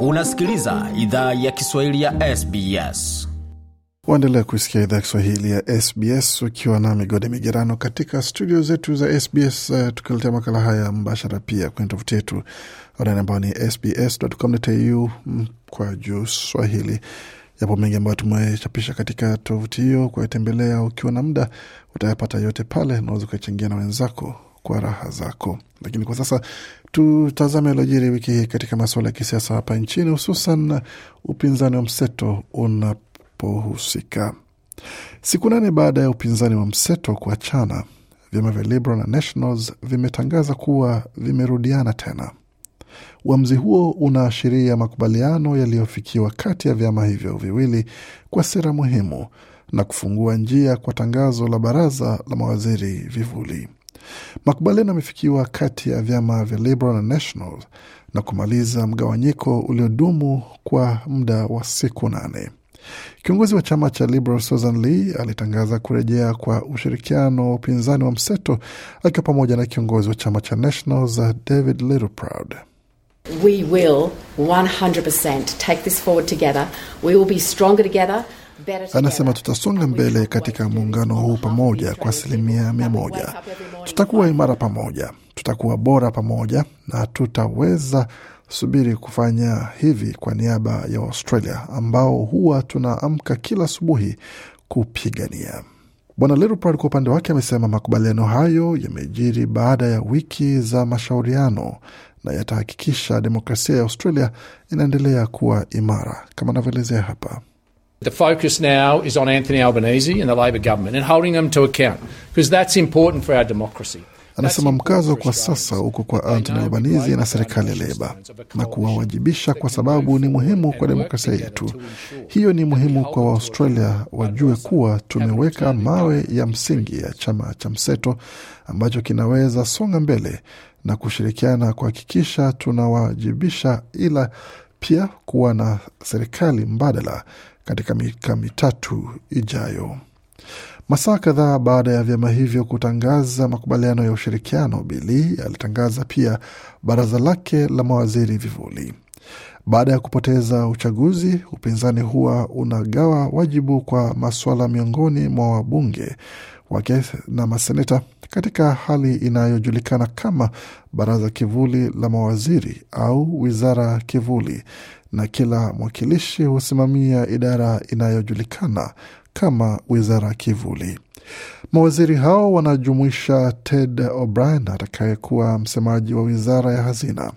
Unasikiliza idhaa ya Kiswahili ya SBS. Waendelea kuisikia idhaa ya Kiswahili ya SBS ukiwa na migode migerano katika studio zetu za SBS, uh, eh, tukiletea makala haya mbashara pia kwenye tovuti yetu anani ambao ni sbscu kwa juu swahili. Yapo mengi ambayo tumechapisha katika tovuti hiyo, kwa ukiwa na muda utayapata yote pale, naweza ukachangia na wenzako kwa raha zako, lakini kwa sasa Tutazame alojiri wiki hii katika masuala ya kisiasa hapa nchini, hususan upinzani wa mseto unapohusika. Siku nane baada ya upinzani wa mseto kuachana, vyama vya Liberal na Nationals vimetangaza kuwa vimerudiana tena. Uamuzi huo unaashiria makubaliano yaliyofikiwa kati ya vyama hivyo viwili kwa sera muhimu na kufungua njia kwa tangazo la baraza la mawaziri vivuli. Makubaliano yamefikiwa kati ya vyama vya Liberal na National na kumaliza mgawanyiko uliodumu kwa muda wa siku nane. Kiongozi wa chama cha Liberal Susan Lee alitangaza kurejea kwa ushirikiano wa upinzani wa mseto akiwa pamoja na kiongozi wa chama cha Nationals David Littleproud. We will 100% take this forward together. We will be stronger together. Anasema tutasonga mbele katika muungano huu pamoja kwa asilimia mia moja tutakuwa imara pamoja, tutakuwa bora pamoja na tutaweza subiri kufanya hivi kwa niaba ya Australia ambao huwa tunaamka kila asubuhi kupigania. Bwana Leopold kwa upande wake amesema makubaliano hayo yamejiri baada ya wiki za mashauriano na yatahakikisha demokrasia ya Australia inaendelea kuwa imara kama anavyoelezea hapa. The focus now is on Anthony Albanese and the Labor government and holding them to account because that's important for our democracy. Anasema mkazo kwa sasa uko kwa Anthony Albanese na serikali ya Leba na kuwawajibisha kwa sababu ni muhimu kwa demokrasia yetu. Hiyo ni muhimu kwa Waaustralia wajue kuwa tumeweka mawe ya msingi ya chama cha mseto ambacho kinaweza songa mbele na kushirikiana kuhakikisha tunawajibisha ila pia kuwa na serikali mbadala katika miaka mitatu ijayo. Masaa kadhaa baada ya vyama hivyo kutangaza makubaliano ya ushirikiano, Bili alitangaza pia baraza lake la mawaziri vivuli. Baada ya kupoteza uchaguzi, upinzani huwa unagawa wajibu kwa masuala miongoni mwa wabunge wake na maseneta katika hali inayojulikana kama baraza kivuli la mawaziri au wizara kivuli, na kila mwakilishi husimamia idara inayojulikana kama wizara kivuli. Mawaziri hao wanajumuisha Ted O'Brien atakayekuwa msemaji wa wizara ya hazina.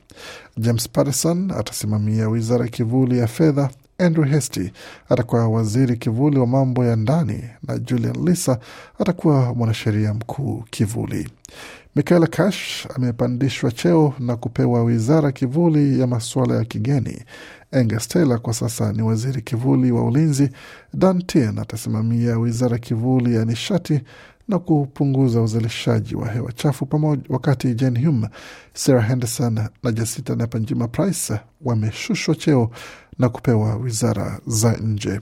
James Patterson atasimamia wizara kivuli ya fedha, Andrew Hastie atakuwa waziri kivuli wa mambo ya ndani na Julian Lisa atakuwa mwanasheria mkuu kivuli. Michaela Cash amepandishwa cheo na kupewa wizara kivuli ya masuala ya kigeni. Angus Taylor kwa sasa ni waziri kivuli wa ulinzi. Dan Tehan atasimamia wizara kivuli ya nishati na kupunguza uzalishaji wa hewa chafu pamoja, wakati Jane Hume, Sarah Henderson na Jacinta napier Price wameshushwa cheo na kupewa wizara za nje.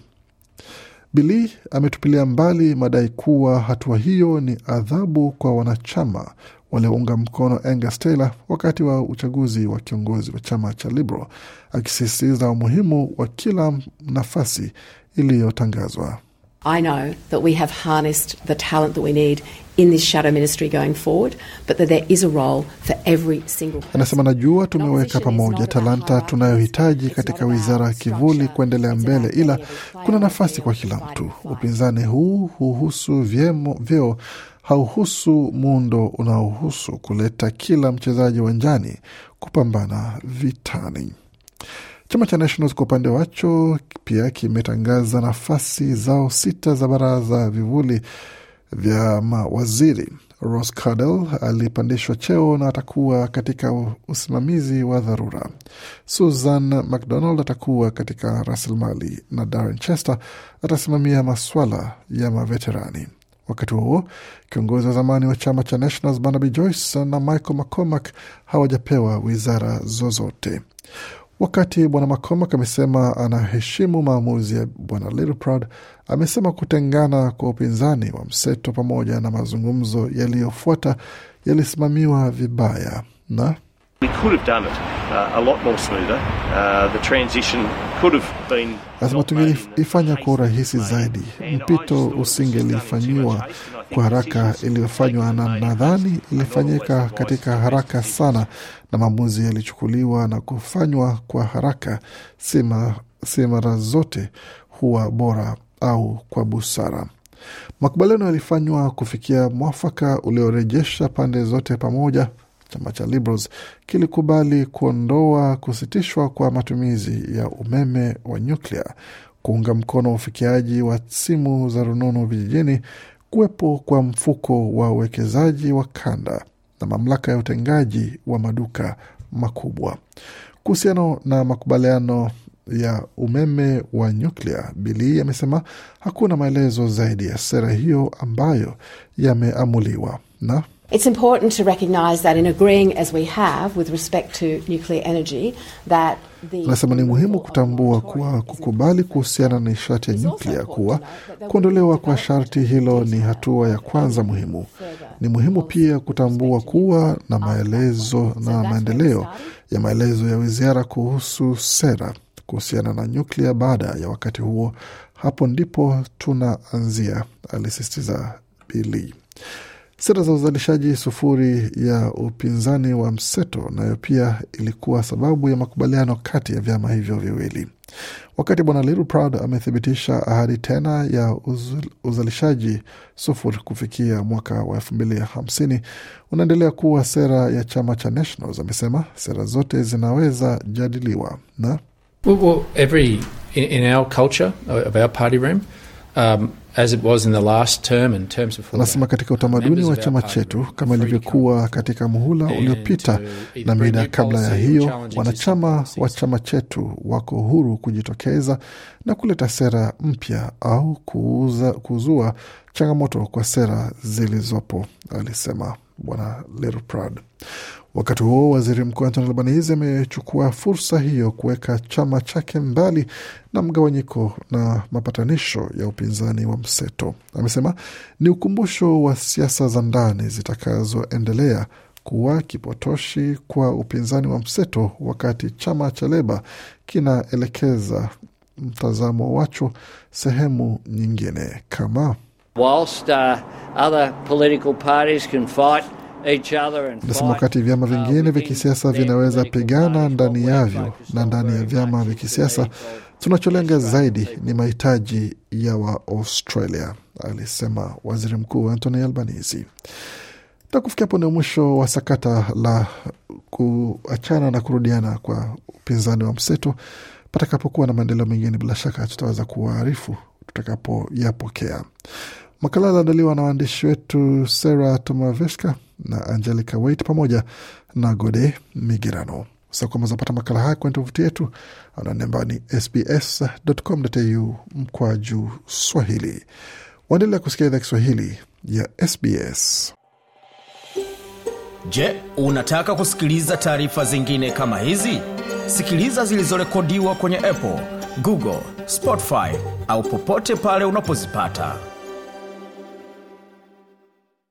Bili ametupilia mbali madai kuwa hatua hiyo ni adhabu kwa wanachama waliounga mkono Angus Taylor wakati wa uchaguzi wa kiongozi wa chama cha Liberal, akisisitiza umuhimu wa kila nafasi iliyotangazwa. I know that we have harnessed the talent that we need in this shadow ministry going forward, but that there is a role for every single person. Anasema najua tumeweka pamoja talanta tunayohitaji katika wizara ya kivuli kuendelea mbele, ila kuna nafasi kwa kila mtu. Upinzani huu huhusu vyemo, vyeo hauhusu muundo, unaohusu kuleta kila mchezaji uwanjani kupambana vitani. Chama cha Nationals kwa upande wacho pia kimetangaza nafasi zao sita za baraza vivuli vya mawaziri. Ross Cadel alipandishwa cheo na atakuwa katika usimamizi wa dharura. Susan McDonald atakuwa katika rasilimali na Darren Chester atasimamia maswala ya maveterani. Wakati huo kiongozi wa zamani wa chama cha Nationals Barnaby Joyce na Michael McCormack hawajapewa wizara zozote. Wakati bwana McCormack amesema anaheshimu maamuzi ya bwana Littleproud, amesema kutengana kwa upinzani wa mseto pamoja na mazungumzo yaliyofuata yalisimamiwa vibaya na Lazima tungelifanya kwa urahisi zaidi, mpito usingelifanyiwa kwa haraka iliyofanywa, na nadhani ilifanyika katika haraka sana, na maamuzi yalichukuliwa na kufanywa kwa haraka. Si mara zote huwa bora au kwa busara. Makubaliano yalifanywa kufikia mwafaka uliorejesha pande zote pamoja chama cha Liberals kilikubali kuondoa kusitishwa kwa matumizi ya umeme wa nyuklia, kuunga mkono ufikiaji wa simu za rununu vijijini, kuwepo kwa mfuko wa uwekezaji wa kanda na mamlaka ya utengaji wa maduka makubwa. Kuhusiana na makubaliano ya umeme wa nyuklia, Bili amesema hakuna maelezo zaidi ya sera hiyo ambayo yameamuliwa na It's important to recognise that in agreeing as we have with respect to nuclear energy that Anasema ni muhimu kutambua kuwa kukubali kuhusiana na nishati ya nyuklia kuwa kuondolewa kwa sharti hilo ni hatua ya kwanza muhimu. Ni muhimu pia kutambua kuwa na maelezo na maendeleo ya maelezo ya wizara kuhusu sera kuhusiana na nyuklia baada ya wakati huo. Hapo ndipo tunaanzia, alisisitiza Bili. Sera za uzalishaji sufuri ya upinzani wa mseto nayo pia ilikuwa sababu ya makubaliano kati ya vyama hivyo viwili. Wakati bwana Little Proud amethibitisha ahadi tena ya uzalishaji sufuri kufikia mwaka wa elfu mbili hamsini unaendelea kuwa sera ya chama cha Nationals, amesema sera zote zinaweza jadiliwa na well, well, every, in, in our culture, uh, of our party room, um, Anasema katika utamaduni wa chama chetu, kama ilivyokuwa katika muhula uliopita na mida kabla ya hiyo, wanachama wa chama chetu wako huru kujitokeza na kuleta sera mpya au kuuza, kuzua changamoto kwa sera zilizopo, alisema. Bwana Lerprad. Wakati huo waziri mkuu Anthony Albanese amechukua fursa hiyo kuweka chama chake mbali na mgawanyiko na mapatanisho ya upinzani wa mseto. Amesema ni ukumbusho wa siasa za ndani zitakazoendelea kuwa kipotoshi kwa upinzani wa mseto, wakati chama cha Leba kinaelekeza mtazamo wacho sehemu nyingine kama whilst uh, other political parties can fight Nasema wakati vyama uh, vingine vya kisiasa vinaweza pigana ndani yavyo na ndani ya vyama vya kisiasa, tunacholenga zaidi ni mahitaji ya Waaustralia, alisema waziri mkuu Anthony Albanese. Na kufikia hapo ndio mwisho wa sakata la kuachana na kurudiana kwa upinzani wa mseto. Patakapokuwa na maendeleo mengine, bila shaka tutaweza kuwaarifu tutakapoyapokea. Makala aliandaliwa na waandishi wetu Sarah Tomaveshka na Angelica Wait pamoja na Gode Migirano. Sakwama zapata makala haya kwenye tovuti yetu ananemba ni sbs.com.au mkwa juu Swahili. Waendelea kusikia idhaa Kiswahili ya SBS. Je, unataka kusikiliza taarifa zingine kama hizi? Sikiliza zilizorekodiwa kwenye Apple, Google, Spotify au popote pale unapozipata.